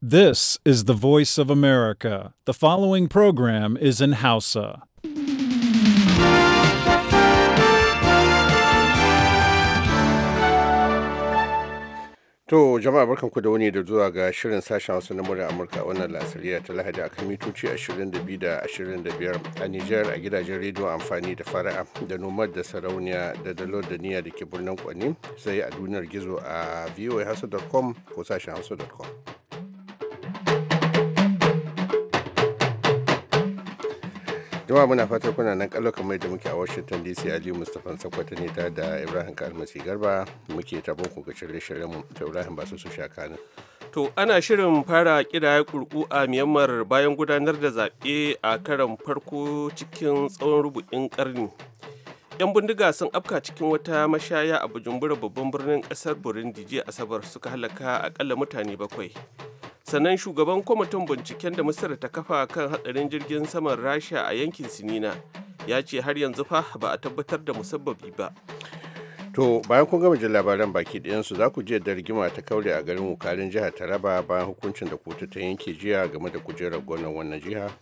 This is the voice of America. The following program is in Hausa. To jama'a barkanku da wani da zuwa ga shirin sashen Hausa na murya Amurka wannan lasariya ta Lahadi akan mitoci 22 da 25 a Nijar a gidajen rediyo amfani da fara'a da nomad da sarauniya da Dalo da niyya da ke birnin Kwani sai a duniyar gizo a voahausa.com ko sashen hausa.com. jama'a muna fatar kuna nan kallo kamar da muke a washington dc aliyu mustapha sakwata ne ta da ibrahim kalmasi garba muke tabon ku ga shirye-shiryen mu ta ibrahim ba su su shaka to ana shirin fara ya kurku a myanmar bayan gudanar da zaɓe a karan farko cikin tsawon rubutun karni yan bindiga sun afka cikin wata mashaya a bujumbura babban birnin ƙasar burundi jiya asabar suka halaka akalla mutane bakwai sannan shugaban kwamitin binciken da Masar ta kafa kan hadarin jirgin saman rasha a yankin sinina ya ce har yanzu fa ba a tabbatar da musabbabi ba to bayan kun gama jin labaran baki ɗayansu za ku je da rigima ta kaure a garin wukalin jihar taraba bayan hukuncin da kotu ta yanke jiya game da kujerar gwamnan wannan jiha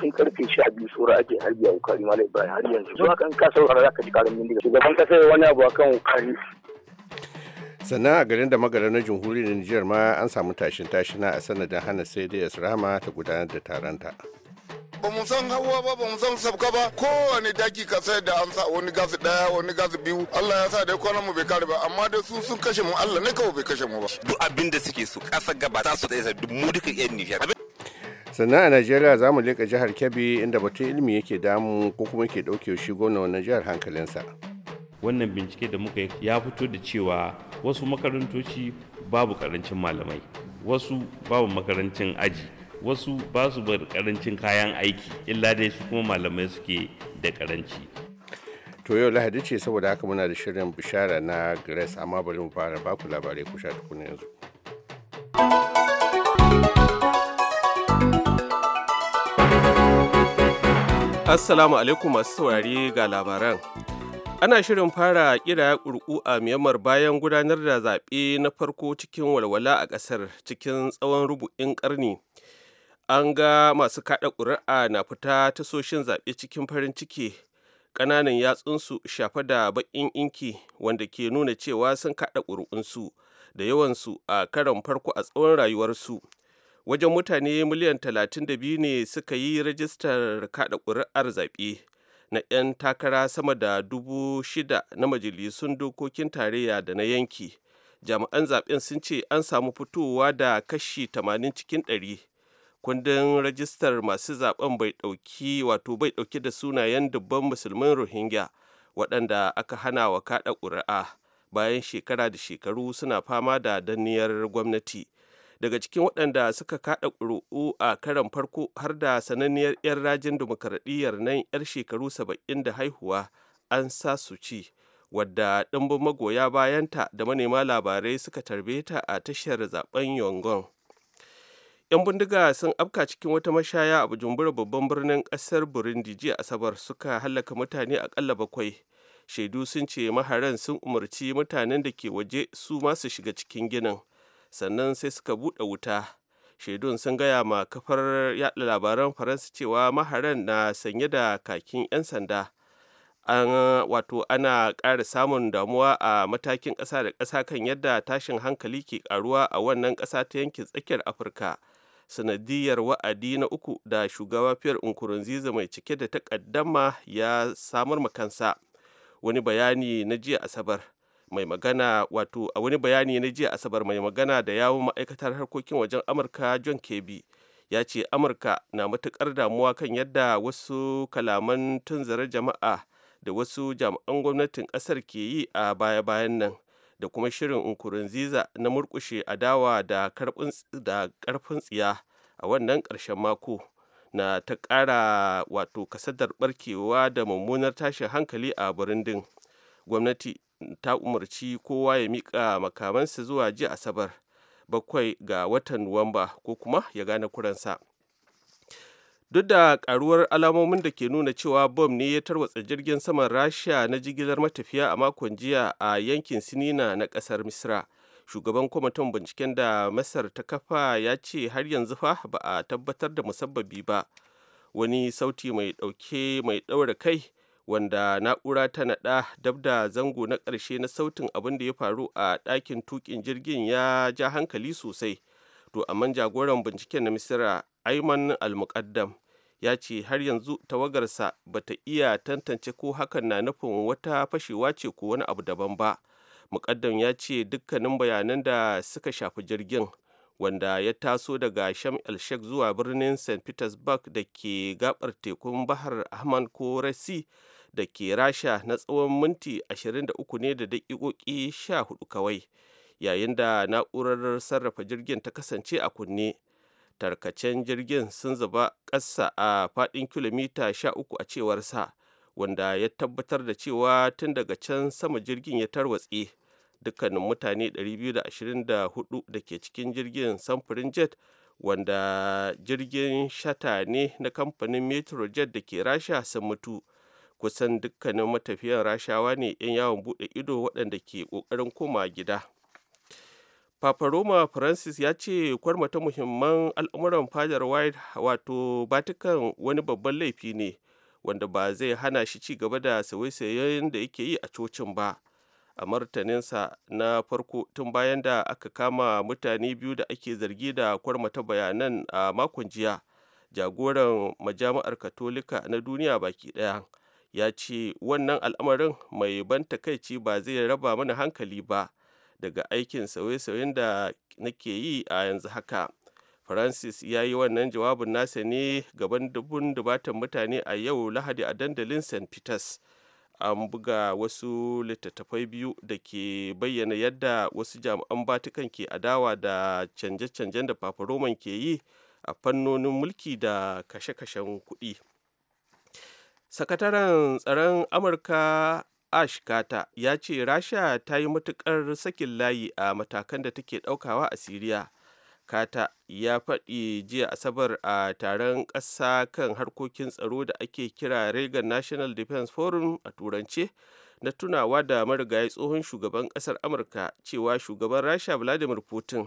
kai karfe sha biyu tsora ake harbi a wukari malai bayan har yanzu zuwa kan ka saurara za ka ji karin mindiga shugaban kasar wani abu akan wukari sannan a garin da magana na jamhuriyar nijar ma an samu tashin tashina a sanadin hana sai da rama ta gudanar da taronta ba mu san hawa ba ba mu san sabka ba kowane daki ka sai da amsa wani gasi daya wani gasi biyu Allah ya sa dai kwanan mu bai kare ba amma dai su sun kashe mu Allah ne kawai bai kashe mu ba duk abin da suke su kasa gaba ta su da duk mu duka yan Nijar sannan a najeriya za mu leƙa jihar kebbi inda batun ilimi yake damu ko kuma ke ɗauke shi gwamna wannan jihar hankalinsa wannan bincike da muka ya fito da cewa wasu makarantoci babu karancin malamai wasu babu makarancin aji wasu ba su bar karancin kayan aiki illa dai su kuma malamai suke da karanci to yau lahadi ce saboda haka muna da shirin bishara na grace amma bari mu fara baku labarai ku sha tukuna yanzu Assalamu alaikum masu saurari ga labaran. ana shirin fara kira ƙurƙu a myanmar bayan gudanar da zaɓe na farko cikin walwala a ƙasar cikin tsawon rubu'in ƙarni an ga masu kaɗa ƙuri'a na fita tasoshin zaɓe cikin farin ciki ƙananan yatsunsu shafa da baƙin inki wanda ke nuna cewa sun kaɗa ƙuri'unsu da yawansu a karon farko a tsawon rayuwarsu wajen mutane miliyan talatin da biyu ne suka yi rajistar kaɗa ƙuri'ar zaɓe na 'yan takara sama da dubu shida na majalisun dokokin tarayya da na yanki jami'an zaben sun ce an samu fitowa da kashi tamanin cikin 100 kundin rajistar masu zaben bai dauki wato bai dauki da sunayen dubban musulmin rohingya waɗanda aka hana wa kaɗa ƙuri'a bayan shekara da shekaru suna fama da danniyar gwamnati daga cikin waɗanda suka kaɗa ƙuri'u a karan farko har da sananniyar 'yan rajin dimokuraɗiyyar nan 'yar shekaru 70 da haihuwa an sa su ci wadda ɗimbin magoya bayanta da manema labarai suka tarbe ta a tashar zaben yongon yan bindiga sun afka cikin wata mashaya a bujumbura babban birnin ƙasar burundi jiya asabar suka hallaka mutane aƙalla bakwai shaidu sun ce maharan sun umarci mutanen da ke waje su masu shiga cikin ginin sannan sai suka buɗe wuta shaidun sun gaya ma kafar yada labaran faransa cewa maharan na sanye da kakin 'yan sanda an wato ana ƙara samun damuwa a matakin ƙasa da ƙasa kan yadda tashin hankali ke ƙaruwa a wannan ƙasa ta yankin tsakiyar afirka sanadiyar wa'adi na uku da shugaba fiyar nkurunziza mai cike da takaddama ya samar makansa wani bayani na jiya asabar mai magana wato a wani bayani na jiya asabar mai magana da yawon ma'aikatar harkokin wajen amurka john kebi ya ce amurka na matukar damuwa kan yadda wasu kalaman tunzarar jama'a da wasu jami'an gwamnatin kasar ke yi a baya-bayan nan da kuma shirin nkurunziza na murkushe adawa da karfin tsiya a wannan ƙarshen mako na ta ƙara wato kasadar barkewa da mummunar tashin hankali a burundin gwamnati ta umarci kowa ya miƙa makamansa zuwa ji asabar bakwai ga watan nuwamba ko kuma ya gane kuransa duk da karuwar alamomin da ke nuna cewa bom ne ya tarwatsa jirgin saman rasha na jigilar matafiya a makon jiya a yankin sinina na kasar misra shugaban kwamitin binciken da masar ta kafa ya ce har yanzu fa ba a tabbatar da musabbabi ba wani sauti mai ɗauke mai ɗaura kai wanda na'ura ta naɗa dab da zango na ƙarshe na sautin abin da ya faru a ɗakin tukin jirgin ya ja hankali sosai to amma jagoran binciken na misira aiman almuqaddam ya ce har yanzu tawagarsa ta iya tantance ko hakan na nufin wata fashewa ce ko wani abu daban ba muqaddam ya ce dukkanin bayanan da suka shafi jirgin wanda ya taso daga sham el sheikh zuwa birnin st petersburg da ke gabar tekun bahar ahmad ko rasi da ke rasha na tsawon minti 23 ne da daƙiƙoƙi 14 kawai yayin da na'urar sarrafa jirgin ta kasance a kunne tarkacen jirgin sun zaba ƙasa a faɗin kilomita 13 a cewar sa wanda ya tabbatar da cewa tun daga can sama jirgin ya tarwatse dukkanin mutane 224 da ke cikin jirgin samfurin jet wanda jirgin shata ne na kamfanin metrojet da ke rasha sun mutu kusan dukkanin matafiyan rashawa ne 'yan yawon bude ido waɗanda ke ƙoƙarin koma gida Papa Roma Francis ya ce kwarmata muhimman al'amuran fadar White wato Vatican wani babban laifi ne wanda ba zai hana shi ci gaba da sauye-sauyen da yake yi a cocin ba. A martaninsa na farko tun bayan da aka kama mutane biyu da ake zargi da kwarmata bayanan a makon jiya, jagoran majami'ar Katolika na duniya baki ɗaya. ya ce wannan al'amarin mai ban takaici ba zai raba mana hankali ba daga aikin sauye-sauyen da nake yi a yanzu haka francis ya yi wannan jawabin nasa ne gaban dubun dubatan mutane a yau lahadi a dandalin st peters an buga wasu littattafai biyu da ke bayyana yadda wasu jami'an batukan ke adawa da canje-canjen da fafaroman ke yi a fannonin mulki da kashe-kashen kuɗi. sakataren tsaron amurka ash kata ya ce rasha ta yi matukar sakin layi a matakan da take daukawa a siriya kata ya faɗi jiya asabar a taron ƙasa kan harkokin tsaro da ake kira reagan national defense forum a turance na tunawa da marigayi tsohon shugaban ƙasar amurka cewa shugaban rasha vladimir putin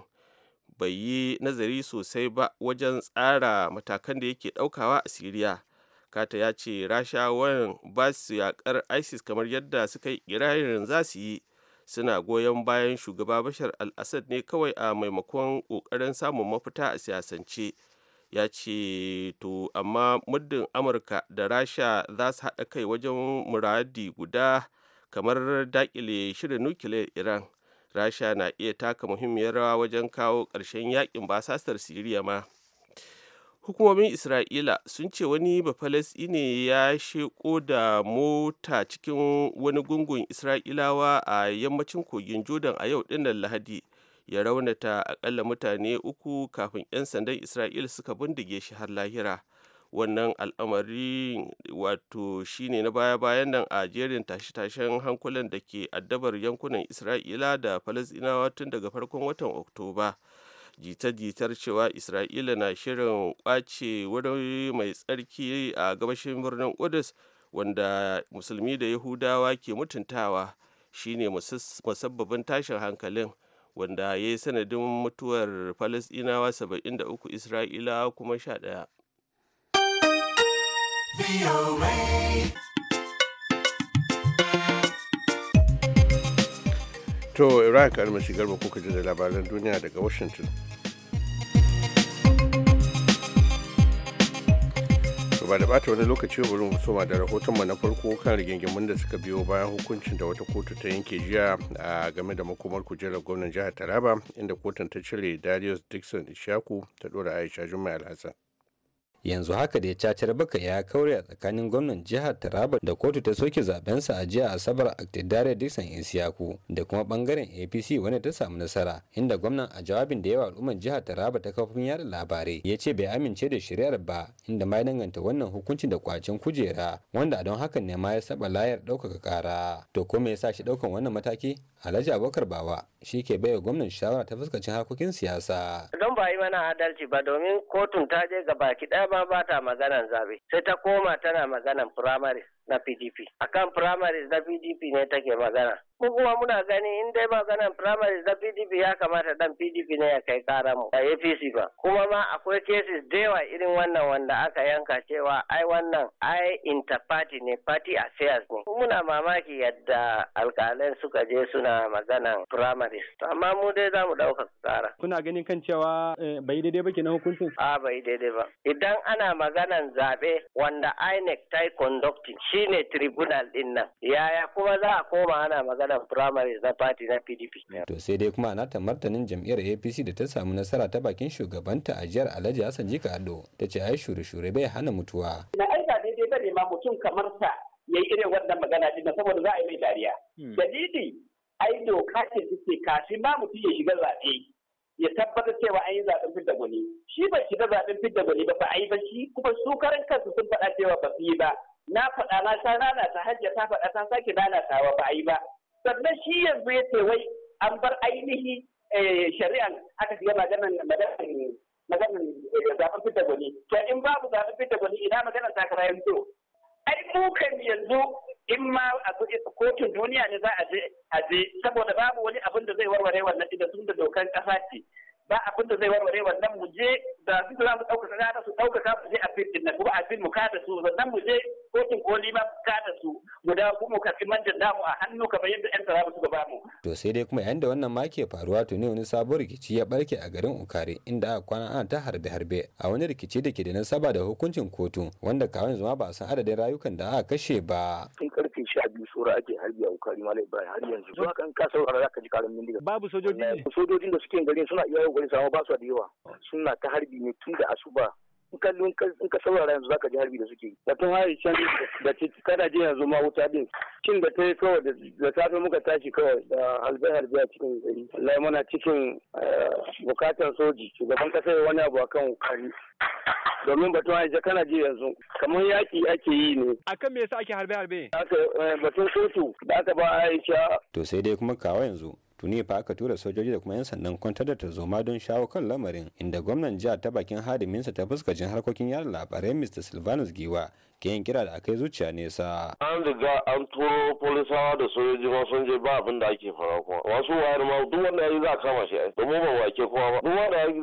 bai yi nazari sosai ba wajen tsara matakan da yake ɗaukawa a siriya kata ya ce rashawan ba su yakar isis kamar yadda suka yi kirarin za su yi suna goyon bayan shugaba bashar al-assad ne kawai a maimakon kokarin samun mafita a siyasance ya ce to amma muddin amurka da rasha za su haɗa kai wajen muradi guda kamar dakile shirin nukiliyar iran rasha na iya taka muhimmiyar rawa wajen kawo ƙarshen yakin basasar siriya ma hukumomin isra'ila sun ce wani ne ya sheko da mota cikin wani gungun isra'ilawa a yammacin kogin jordan a yau dinnan lahadi ya raunata akalla mutane uku kafin 'yan sandan isra'ila suka bindige shi har lahira wannan al'amari wato shine na baya-bayan nan a jerin tashe-tashen hankulan da ke addabar yankunan isra'ila da falasɗinawa tun daga farkon watan oktoba jita-jitar cewa isra'ila na shirin kwace wani mai tsarki a gabashin birnin kudus wanda musulmi da yahudawa ke mutuntawa shine musabbabin tashin hankalin wanda ya yi sanadin mutuwar falasdinawa 73 isra'ila kuma 11 To Iraq almasi garba kuka ji da labaran duniya daga Washington. ba da bata wani lokaci wurin soma da rahotonmu na farko kan rigingimun da suka biyo bayan hukuncin da wata kotu ta yanke jiya a game da makomar kujerar gwamnan jihar taraba inda kotun ta cire darius dixon ishaku ta dora aisha jummai alhassan yanzu haka da ya cacar baka ya kaure a tsakanin gwamnan jihar taraba da kotu ta soke zabensa a jiya asabar aktidare dixon isiyaku da kuma bangaren apc wanda ta samu nasara inda gwamnan a jawabin da yawa al'ummar jihar taraba ta kafin yada labarai ya ce bai amince da shari'ar ba inda ma ya danganta wannan hukuncin da kwacin kujera wanda a don hakan ne ma ya saba layar ɗaukaka ƙara to ko me yasa shi ɗaukan wannan mataki alhaji abubakar bawa shi ke baiwa gwamnan shawara ta fuskacin harkokin siyasa don ba yi mana adalci ba domin kotun ta je ga baki ɗaya ita ma ba ta maganan zabe sai ta koma tana maganan primaries na PDP akan primaries na PDP ne take magana mu kuma muna gani in dai ba ganin primary da PDP ya kamata dan PDP ne ya kai kara mu a APC ba kuma ma akwai cases da yawa irin wannan wanda aka yanka cewa ai wannan ai interparty ne party affairs ne muna mamaki yadda alkalai suka je suna maganan primary amma mu dai za mu dauka kara kuna ganin kan cewa eh, bai daidai ba kenan hukuncin a bai daidai ba idan ana maganan zabe wanda INEC ta conducting shine tribunal din nan yaya kuma za a koma ana magana maganar firamare na fati na pdp to sai dai kuma ta martanin jam'iyyar apc da ta samu nasara ta bakin shugabanta a jihar alhaji hassan jika ado ta ce ai shure-shure bai hana mutuwa na aika daidai bane ma mutum kamar sa ya yi irin wannan magana din saboda za a yi mai dariya hmm. dalili ai doka ce take kafin ma mutum ya shiga zaɓe ya tabbatar cewa an yi zaɓen fidda gwani shi bai shiga zaɓen fidda gwani ba ba a yi ba shi kuma su karan kansu sun faɗa cewa ba su yi ba na faɗa na ta nana ta hajja ta faɗa ta sake nana ta ba a yi ba sannan shi yanzu ya ce wai an bar ainihi eh, shari'an aka fiye maganan maganan maganan eh, fita gwani to in babu zaben fita gwani ina maganan takara yanzu ai kukan yanzu in ma a eh, kotun duniya ne za a je saboda babu wani abin da zai warware wannan idan sun da dokan kasa ce ba abin da zai warware wannan mu je da su za mu ɗaukaka kada su ɗaukaka mu je a fitin na kuma a fitin mu kada su sannan mu je kotun koli ma kada su mu da kuma mu karfi manjan namu a hannu kamar yadda yan tsara suka ba mu. to sai dai kuma yayin da wannan ma ke faruwa to ne wani sabon rikici ya barke a garin ukare inda aka kwana ana ta harbe harbe a wani rikici da ke da nasaba da hukuncin kotu wanda kawai zuma ba a san adadin rayukan da aka kashe ba. sha biyu sura ake harbi a wukari malam ibrahim har yanzu zuwa kan ka saurara za ka ji karin bindiga babu sojoji ne sojojin da suke garin suna iya yau garin sama ba su da yawa oh. suna ta harbi ne tun da asuba kallon in ka saurara yanzu zaka ji harbi da suke yi batun hari can da kada je yanzu ma wuta din kin da ta yi kawai da safe muka tashi kawai da halbe harbe a cikin gari wallahi muna cikin eh, bukatar soji shugaban kasa ya wani abu akan kari domin batun hari kana je yanzu kamar yaki ake yi ne A kan me yasa ake harbe harbe eh, batun kotu da aka ba aisha to sai dai kuma kawo yanzu tuni fa aka tura sojoji da kuma 'yan sandan kwantar da tarzoma don shawo kan lamarin inda gwamnan jihar ta bakin hadiminsa ta fuskacin harkokin yada labarai mr silvanus giwa ke yin kira da aka yi zuciya nesa. An riga an turo polisawa da sojoji ma sun je ba abin da ake fara kuma. Wasu wayar ma duk wanda ya yi za a kama shi ai. Domin ba wake kowa ba. Duk wanda ya yi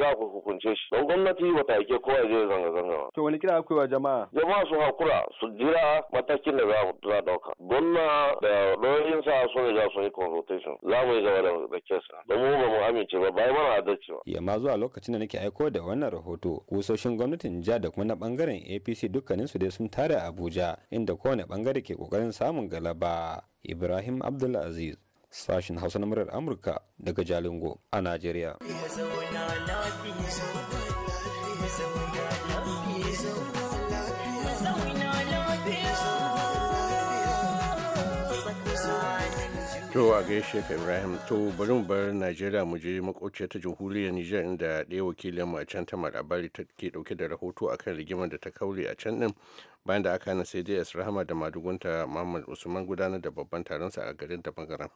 za ku hukunce shi. Don gwamnati ba ta yake kowa ya je zanga zanga ba. To wani kira akwai wa jama'a? Jama'a su hakura su jira matakin da za a dauka. Gwamna da lauyoyin sa su ne za su yi consultation. Za mu yi gaba da kesa. Domin ba mu amince ba bai mana adalci ba. Yamma zuwa lokacin da nake aiko da wannan rahoto kusoshin gwamnatin jihar da kuma na bangaren APC duka su dai sun tare a abuja inda kowane bangare ke kokarin samun galaba ibrahim abdulaziz sashen hausa na murar amurka daga jalingo a najeriya To a gaishe ka Ibrahim to bari mu bar Najeriya mu je makwabciyar ta jamhuriyar Nijar inda ɗaya wakilin mu a can ta ta ke ɗauke da rahoto a kan rigimar da ta kaure a can din bayan da aka hana sai dai Rahama da madugunta Muhammad Usman gudanar da babban taron sa a garin da magaran.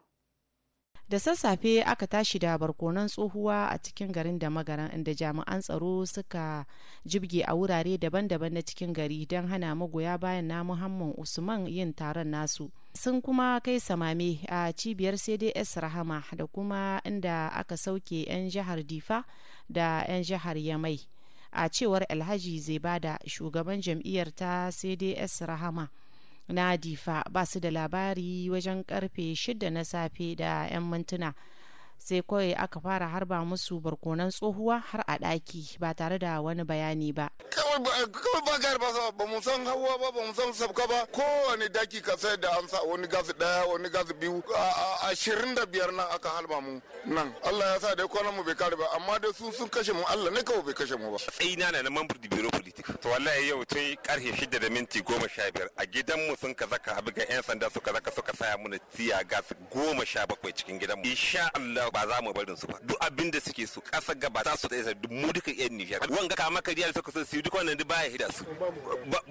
da sassafe aka tashi da barkonan tsohuwa a cikin garin da magaran inda jami'an tsaro suka jibge a wurare daban-daban na cikin gari don hana magoya bayan na muhammad usman yin taron nasu sun kuma kai samame a cibiyar cds rahama da kuma inda aka sauke 'yan jihar difa da 'yan jihar yamai a cewar alhaji zai bada shugaban jam'iyyar ta cds rahama na difa ba su da labari wajen karfe 6 na safe da 'yan mintuna sai kawai aka fara harba musu barkonan tsohuwa har a ɗaki ba tare da wani bayani ba. kawai ba ka ba ba mu san hawa ba ba mu san sabka ba kowane daki ka sai da an sa wani gasi daya wani gasi biyu ashirin da biyar nan aka halba mu nan Allah ya sa dai kwanan mu bai kare ba amma dai su sun kashe mu Allah ne kawai bai kashe mu ba. sai na na mambar da biro politik to wallahi yau tun karfe shida da minti goma sha biyar a gidan mu sun kaza ka abu ga yan sanda suka zaka suka saya mana tiya gas goma sha bakwai cikin gidan mu. insha Allah ba za mu barin su ba duk abin da suke su kasa gaba za su tsaye duk mu duka yan Nijar wanga kama kariya da suka su duk wannan duk baya hida su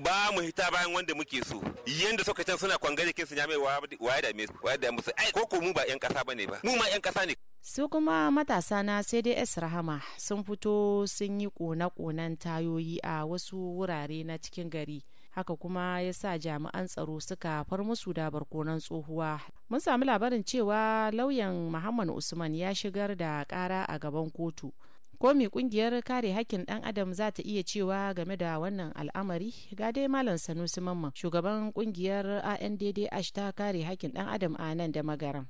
ba mu hita bayan wanda muke so yanda suka can suna kwangare su ya mai waya da mai waya da musu ai ko mu ba yan ƙasa bane ba mu ma yan ƙasa ne su kuma matasa na cds rahama sun fito sun yi kone-konen tayoyi a wasu wurare na cikin gari haka kuma ya sa jami'an tsaro suka far musu da barkonan tsohuwa mun sami labarin cewa lauyan muhammad usman ya shigar da kara a gaban kotu ko mai kungiyar kare hakkin dan adam za ta iya cewa game da wannan al'amari ga dai malam sanusi mamman shugaban kungiyar andd ash ta kare hakkin dan adam a nan da magaram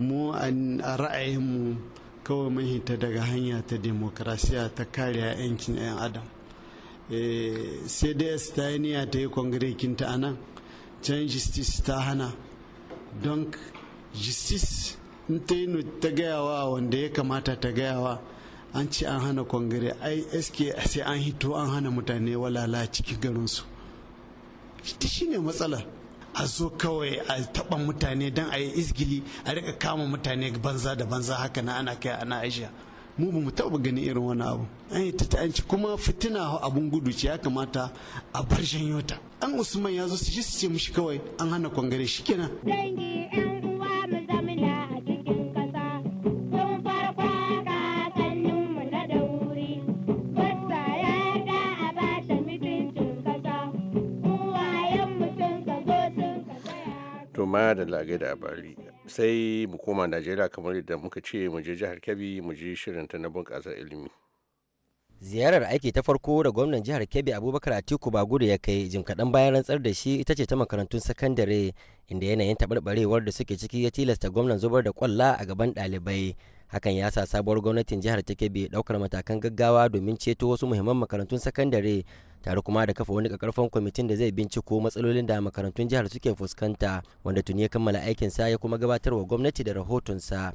mu a ra'ayinmu kawai mahita daga hanya ta demokrasiya ta kare 'yancin 'yan adam cds eh, ta yi niyya ta yi kongrekinta a nan can justice ta hana don justice in ta yi ta gayawa wanda ya kamata ta gayawa an ce an hana kongire ai sai an hito an hana mutane walala cikin garinsu ta shi ne matsala a zo kawai a taɓa mutane don a yi izgili a rika kama mutane banza da banza haka na ana kai ana aisha mu ba mu taɓa ganin irin wani abu an yi ta ta'anci kuma fitina abun gudu ce ya kamata a bar yota an usman ya zo su ji su ce mushi kawai an hana kwangare shi kenan to ma da lagai da abari sai mu koma najeriya kamar yadda muka ce mu je jihar kebbi mu je shirin ta na bunƙasar ilimi ziyarar aiki ta farko da gwamnan jihar kebbi abubakar atiku bagudu ya kai jim kaɗan bayan rantsar da shi ita ce ta makarantun sakandare inda yanayin taɓarɓarewar da suke ciki ya tilasta gwamnan zubar da kwalla a gaban ɗalibai hakan ya sa sabuwar gwamnatin jihar ta kebbi ɗaukar matakan gaggawa domin ceto wasu muhimman makarantun sakandare tare kuma da kafa wani kakarfan kwamitin da zai binciko matsalolin da makarantun jihar suke fuskanta wanda tuni ya kammala aikin sa ya kuma gabatar wa gwamnati da rahotonsa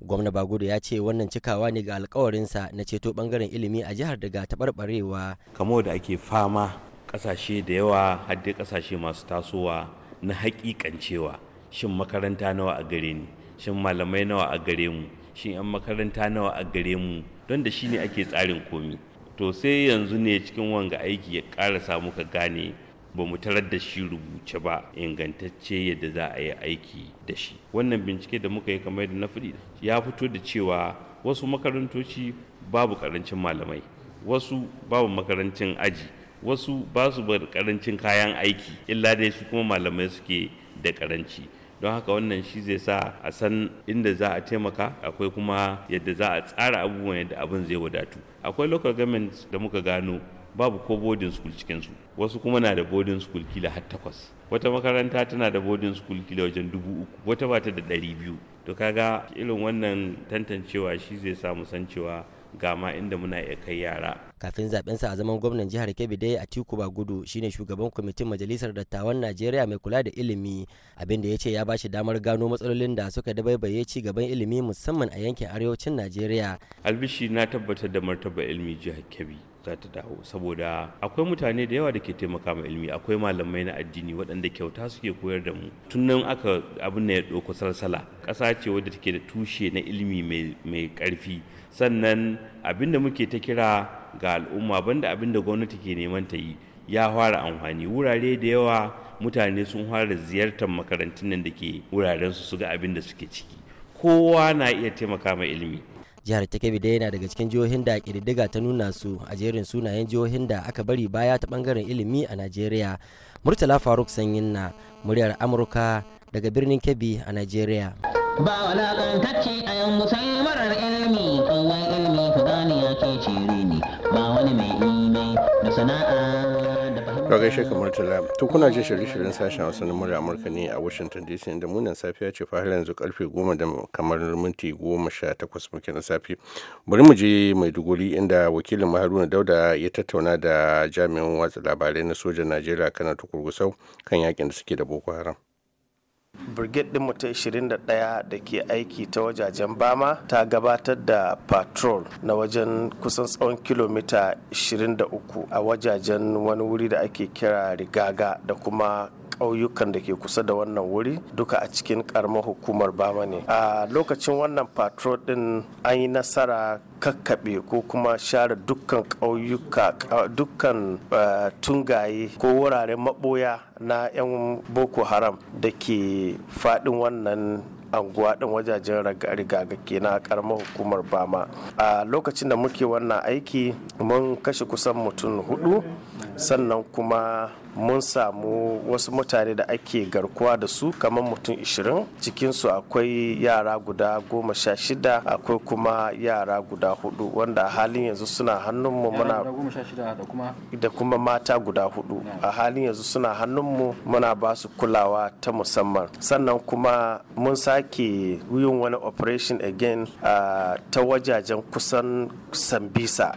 gwamna bagudu ya ce wannan cikawa ne ga alkawarinsa na ceto bangaren ilimi a jihar daga taɓarɓarewa kamo da ake fama ƙasashe da yawa haddai ƙasashe masu tasowa na haƙiƙancewa shin makaranta nawa a gare ni shin malamai nawa a gare mu shin 'yan makaranta nawa a gare mu don da shi ne ake tsarin komi to sai yanzu ne cikin wanga aiki ya ƙarasa muka gane ba mu tarar da shi rubuce ba ingantacce yadda za a yi aiki da shi wannan bincike da muka yi kamar da na fudi ya fito da cewa wasu makarantoci babu karancin malamai wasu babu makarancin aji wasu ba su karancin kayan aiki illa dai su kuma malamai suke da karanci don haka wannan shi zai sa a san inda za a taimaka akwai kuma yadda za a tsara abubuwan yadda abin zai wadatu akwai local government da muka gano babu ko boarding school cikinsu wasu kuma na da boarding school kila har takwas wata makaranta tana da boarding school kila wajen dubu uku wata bata da ɗari biyu to kaga irin wannan tantancewa shi zai sa mu san cewa gama inda muna iya kai yara kafin zaɓensa a zaman gwamnan jihar kebbi dai a tikuba gudu shine shugaban kwamitin majalisar dattawan najeriya mai kula da ilimi abinda ya ce ya bashi damar gano matsalolin da suka dabaibaye ci gaban ilimi musamman a yankin arewacin najeriya albishi na tabbatar da martaba ilimi jihar kebbi za ta dawo saboda akwai mutane da yawa da ke taimaka ma ilimi akwai malamai na addini waɗanda kyauta suke koyar da mu tun nan aka abin na ya ɗauko salsala ƙasa ce wadda take da tushe na ilimi mai ƙarfi sannan abin da muke ta kira ga al'umma banda abin da gwamnati ke neman ta yi ya fara amfani wurare da yawa mutane sun fara ziyartar makarantun nan da ke wuraren su ga abin da suke ciki kowa na iya taimaka mai ilimi jihar ta kebbi dai yana daga cikin jihohin da kididdiga ta nuna su a jerin sunayen jihohin da aka bari baya ta bangaren ilimi a najeriya murtala faruk sanyin na muryar amurka daga birnin kebbi a najeriya ba walakantacce a yanzu sai marar ilimi kowai ilimi fudani ya ke cire ne ba wani mai imai da sana'a da gaishe kamar tala to kuna je shirye-shiryen sashen hausa na murya amurka ne a washington dc inda munan safiya ce fahimta yanzu karfe goma da kamar minti goma sha takwas muke na safi bari mu je mai duguri, inda wakilin haruna dauda ya tattauna da jami'an watsa labarai na sojan najeriya kana tukurgusau kan yakin da suke da boko haram brigade ɗin mutum 21 da ke aiki ta wajajen bama ta gabatar da patrol na wajen kusan tsawon kilomita 23 a wajajen wani wuri da ake kira rigaga da kuma ƙauyukan da ke kusa da wannan wuri duka a cikin karamar hukumar bama ne a lokacin wannan patrol din an yi nasara kakkaɓe ko kuma share dukkan ƙauyuka dukkan eh, tungaye ko wuraren maɓoya na 'yan boko haram da ke faɗin wannan anguwa din wajajen rigagake na karamar hukumar bama a lokacin da muke wannan aiki mun kashe kusan mutum hudu sannan kuma mun samu wasu mutane da ake garkuwa da su kamar mutum 20 cikinsu akwai yara guda goma sha shida akwai kuma yara guda hudu wanda a halin yanzu suna hannunmu muna da kuma mata guda hudu a halin yanzu suna hannunmu muna ba su kulawa ta musamman sannan kuma mun sake yin wani operation again ta wajajen kusan sambisa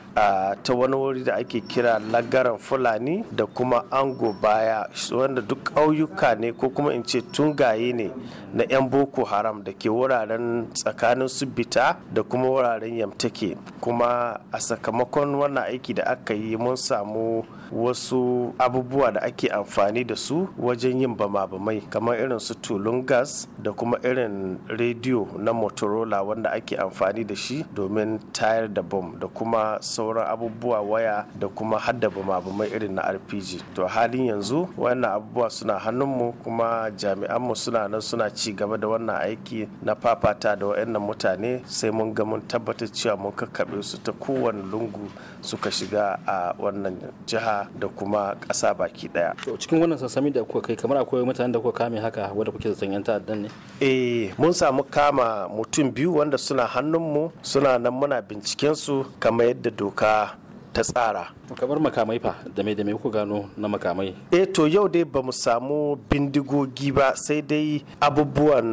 ta wani wuri da ake kira lagaran fulani da kuma ango baya wanda duk ƙauyuka ne ko kuma in ce tungaye ne na 'yan boko haram da ke wuraren tsakanin su bita da kuma wuraren yamtake kuma a sakamakon wannan aiki da aka yi mun samu wasu abubuwa da ake amfani da su wajen yin bama-bamai kamar irin su tulun gas da kuma irin rediyo na motorola wanda ake amfani da shi domin tayar da bom da kuma sauran abubuwa waya da kuma hadda bama-bamai irin na rpg to hali. halin yanzu wayannan abubuwa suna hannunmu kuma jami'anmu suna nan suna ci gaba da wannan aiki na fafata da wayannan mutane sai mun ga mun tabbatar cewa mun kakkaɓe su ta kowane lungu suka shiga a wannan jiha da kuma ƙasa baki ɗaya. cikin wannan sansami da kuka kai kamar akwai mutanen da kuka kame haka wanda kuke zaton yan ta'addan ne? eh mun samu kama mutum biyu wanda suna hannunmu suna nan muna binciken su kamar yadda doka ta tsara kamar makamai fa da mai da mai gano na makamai eh to yau dai ba mu samu bindigogi ba sai dai abubuwan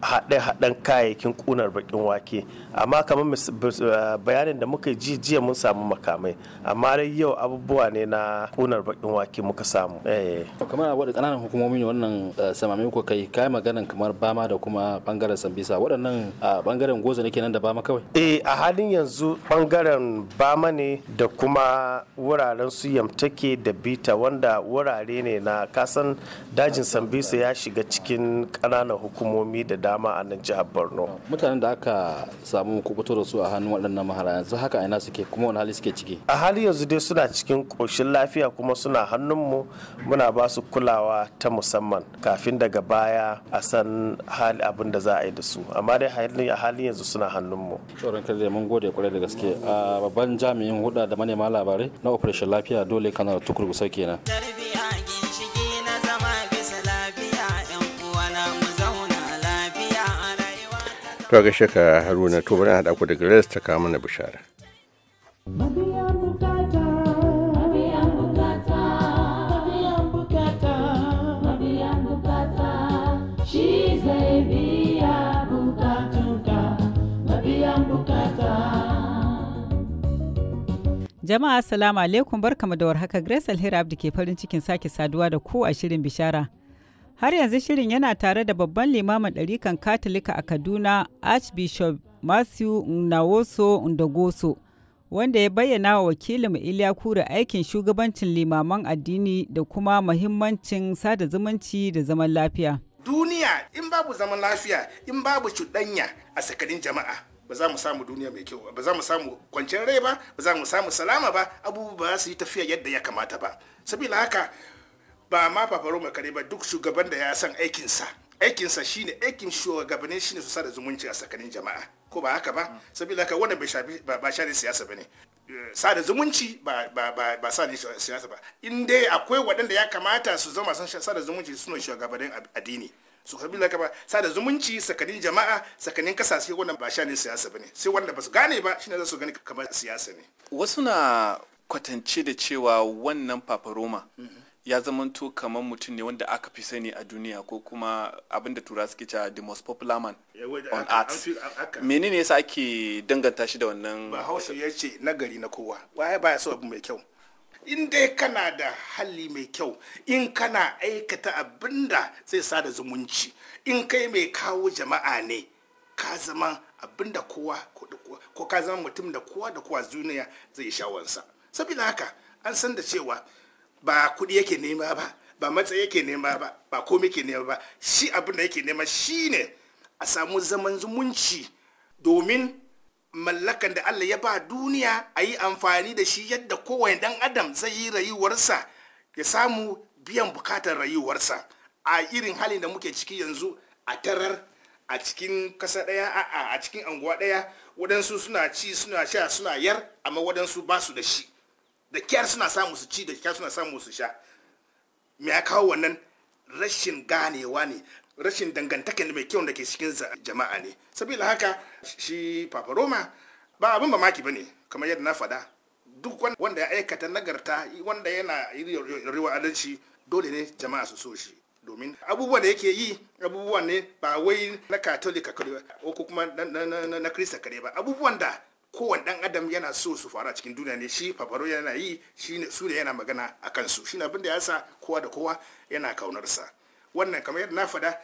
haɗe-haɗen kayayyakin ƙunar bakin wake amma kamar eh, bayanin da muka ji jiya mun samu makamai amma dai yau abubuwa ne na ƙunar bakin wake muka samu eh. kamar a wadda ƙananan hukumomi ne wannan eh, samami ko kai kai maganan kamar bama da kuma bangaren sambisa waɗannan bangaren goza ne kenan da bama kawai eh a halin yanzu bangaren bama ne da kuma wuraren su yamtake da bita wanda wurare ne na kasan dajin sambisa ya shiga cikin ƙananan hukumomi da dama a nan jihar borno mutanen da aka samu kubuto da su a hannun waɗannan mahara yanzu haka ina suke kuma wani hali suke ciki a hali yanzu dai suna cikin ƙoshin lafiya kuma suna hannun mu muna ba su kulawa ta musamman kafin daga baya a san hali abin da za a yi da su amma dai a hali yanzu suna hannunmu tsoron kare mun gode kwarai da gaske a babban jami'in huda da manema labarai na operation lafiya dole kana tukur gusa kenan to ga shaka haruna to bari haɗa ku da grace ta kawo mana bishara Jama'a Assalamu alaikum barkamu da warhaka Grace Alheri Abdi ke farin cikin sake saduwa da ku a shirin bishara. har yanzu shirin yana tare da babban limamin ɗarikan katolika a kaduna archbishop matthew nawoso Ndogoso, wanda ya bayyana wa wakilin iliya kura aikin shugabancin limaman addini da kuma mahimmancin sada zumunci da zaman lafiya duniya in babu zaman lafiya in babu cuɗanya a sakadin jama'a ba za mu samu duniya mai kyau ba za mu samu kwanciyar rai ba ba za mu samu salama ba abubuwa ba su yi tafiya yadda ya kamata ba Sabila haka ba ma roma kare ba duk shugaban da ya san aikinsa aikinsa shine aikin shugabanni shine su sada zumunci a tsakanin jama'a ko ba haka ba saboda haka wannan bai shafi ba share siyasa bane eh, sada zumunci ba ba ba ba siyasa ba in dai akwai waɗanda ya kamata su zama san sada zumunci suna shugabannin addini su sabi da ba sada zumunci tsakanin jama'a tsakanin kasashe wannan ba shane siyasa bane sai wanda ba su gane ba shine za su gani kamar siyasa ne wasu na kwatance da cewa wannan paparoma. roma mm-hmm. ya zamanto kamar mutum ne wanda aka fi sani a duniya ko kuma abinda tura suke cewa the most popular man on earth menene yasa ake danganta shi da wannan ba hausa ya ce nagari na kowa waye baya so abu mai kyau in dai kana da hali mai kyau in kana aikata abinda zai sa da zumunci in kai mai kawo jama'a ne ka zama abinda kowa ko ka zama mutum da kowa da kowa duniya zai shawansa saboda haka an san da cewa ba kuɗi yake nema ba ba matsayi yake nema ba ba komai yake nema ba shi abin da yake nema shi ne a samu zaman zumunci domin mallakan da Allah ya ba duniya a yi amfani da shi yadda kowane dan adam zai yi rayuwarsa ya samu biyan bukatar rayuwarsa a irin halin da muke ciki yanzu a tarar a cikin kasa ɗaya a cikin anguwa ɗaya waɗansu suna ci suna sha suna yar amma wadansu ba su da shi da kyar suna samu su ci da kyar suna samu su sha me ya kawo wannan rashin ganewa ne rashin dangantaka mai kyau da ke cikin jama'a ne saboda haka shi papa roma ba abin mamaki ba ne kamar yadda na faɗa duk wanda ya aikata nagarta wanda yana riwa adalci dole ne jama'a su so shi domin abubuwan da yake yi abubuwan ne ba wai na katolika kare ko kuma na kirista kare ba abubuwan da kowane dan adam yana so su faru a cikin duniya ne shi faɓaro yana yi shi su ne yana magana a kansu shi abin da ya sa kowa da kowa yana kaunarsa wannan kamar yadda na faɗa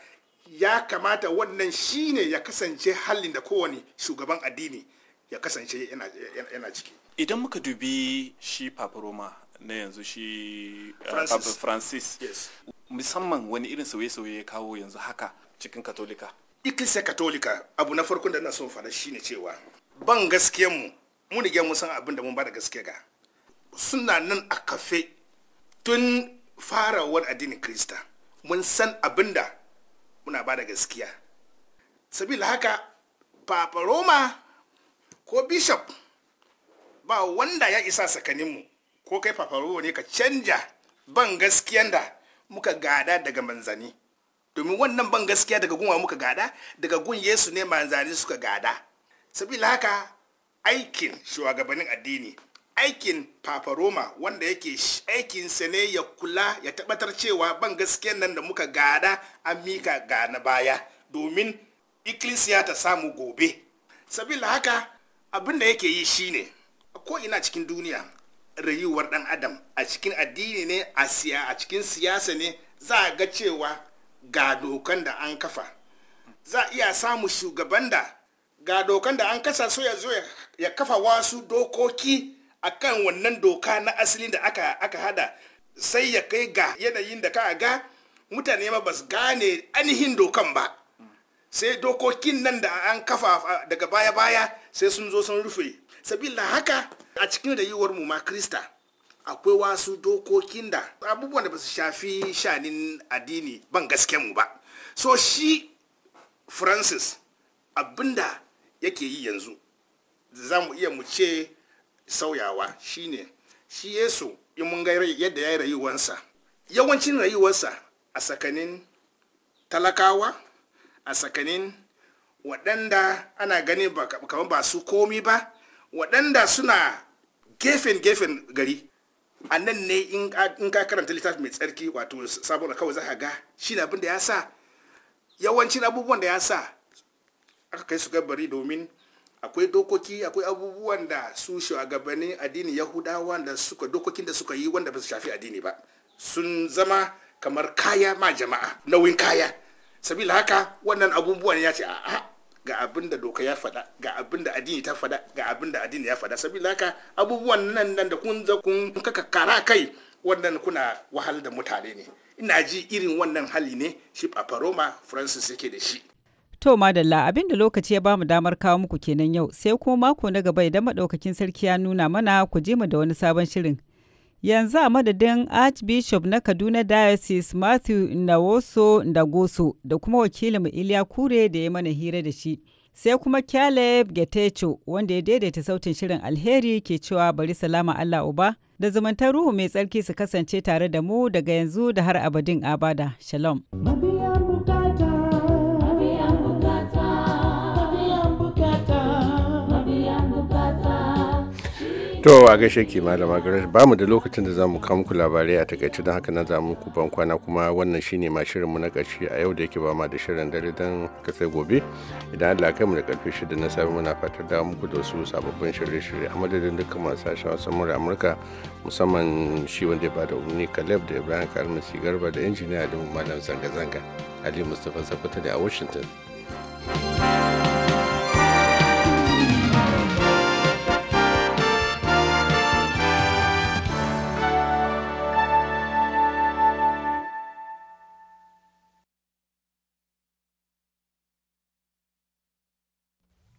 ya kamata wannan shi ne ya kasance halin da kowane shugaban addini ya kasance yana ciki idan muka dubi shi paparoma na yanzu shi eh, francis, musamman wani irin sauye-sauye ya kawo yanzu haka cikin katolika ikilisiya katolika abu na farkon da na son faɗa shine cewa ban gaskiyanmu mu da mu san abin da mun bada gaskiya ga suna nan a kafe tun farawar addinin krista mun san abin da muna bada gaskiya sabila haka papa roma ko bishop ba wanda ya isa sakaninmu ko kai papa roma ne ka canja ban gaskiyan da muka gada daga manzani domin wannan ban gaskiya daga gunwa muka gada daga gun yesu ne manzani suka gada sabila haka aikin shugabannin addini aikin papa roma wanda yake aikinsa ne ya kula ya tabbatar cewa ban gaskiyan nan da muka gada an mika ga na baya domin ikilisiya ta samu gobe sabila haka abin da yake yi shine ko ina cikin duniya rayuwar dan adam a cikin addini ne a a cikin siyasa ne za a ga cewa ga dokan da an kafa za a iya samu shugaban da ga dokan da an kasa so ya zo ya kafa wasu dokoki akan wannan doka na asalin da aka, aka hada sai ya kai ga yanayin da ka ga mutane ma ba su gane ainihin dokan ba sai dokokin nan da an kafa daga baya-baya sai sun zo sun rufe sabila haka a cikin rayuwar mu ma krista akwai wasu dokokin da abubuwan da ba su shafi shanin addini ban gaske mu ba so shi francis abinda yake yi yanzu za mu iya mu ce sauyawa shine shi yesu in mun ga yadda ya yi rayuwansa yawancin rayuwarsa a tsakanin talakawa a tsakanin waɗanda ana gani kamar ba su komi ba waɗanda suna gefen-gefen gari a nan ne in ka karanta littafi mai tsarki wato sabon kawai za ka ga shi abin da ya sa yawancin abubuwan da ya sa aka kai su gabari domin akwai dokoki akwai abubuwan da su shugabannin addini yahudawa da suka dokokin da suka yi wanda ba su shafi addini ba sun zama kamar kaya ma jama'a nauyin kaya sabila haka wannan abubuwan ya ce a'a ga abin da doka ya fada ga abin da addini ta faɗa ga abin da addini ya faɗa sabila haka abubuwan nan nan da kun kun kaka kara kai wannan kuna wahal da mutane ne ina ji irin wannan hali ne shi a Francis yake da shi To madalla abin da lokaci ya bamu damar kawo muku kenan yau sai kuma mako na gaba idan madaukakin sarki ya nuna mana ku je mu da wani sabon shirin. Yanzu a madadin Archbishop na Kaduna Diocese Matthew Nawoso Ndagoso da kuma wakilinmu Iliya Kure da ya mana hira da shi. Sai kuma Caleb Getecho wanda ya daidaita sautin shirin alheri ke cewa bari salama Allah Uba da zumuntar ruhu mai tsarki su kasance tare da mu daga yanzu da har abadin abada. Shalom. To a gaishe ke malama Grace ba mu da lokacin da za mu kawo muku labarai a takaice don haka nan za mu ku ban kwana kuma wannan shine ma mu na ƙarshe a yau da yake ba ma da shirin dare don kasai gobe idan Allah kai mu da karfe shida na safe muna fatar da muku da wasu sababbin shirye-shirye a madadin dukkan masu sashen wasu Amurka musamman shi wanda ya bada da umarni Caleb da Ibrahim Kalmasi Garba da injiniya da malam zanga-zanga Ali Mustapha Sakwata da a Washington.